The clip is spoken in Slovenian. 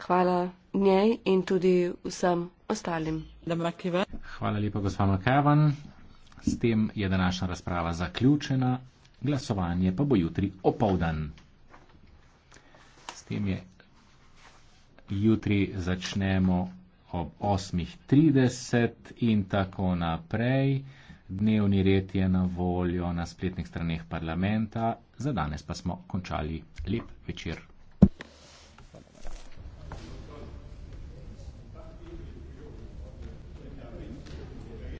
Hvala njej in tudi vsem ostalim. Hvala lepa, gospa Makavan. S tem je današnja razprava zaključena. Glasovanje pa bo jutri opovdan. S tem je jutri začnemo ob 8.30 in tako naprej. Dnevni red je na voljo na spletnih straneh parlamenta. Za danes pa smo končali lep večer.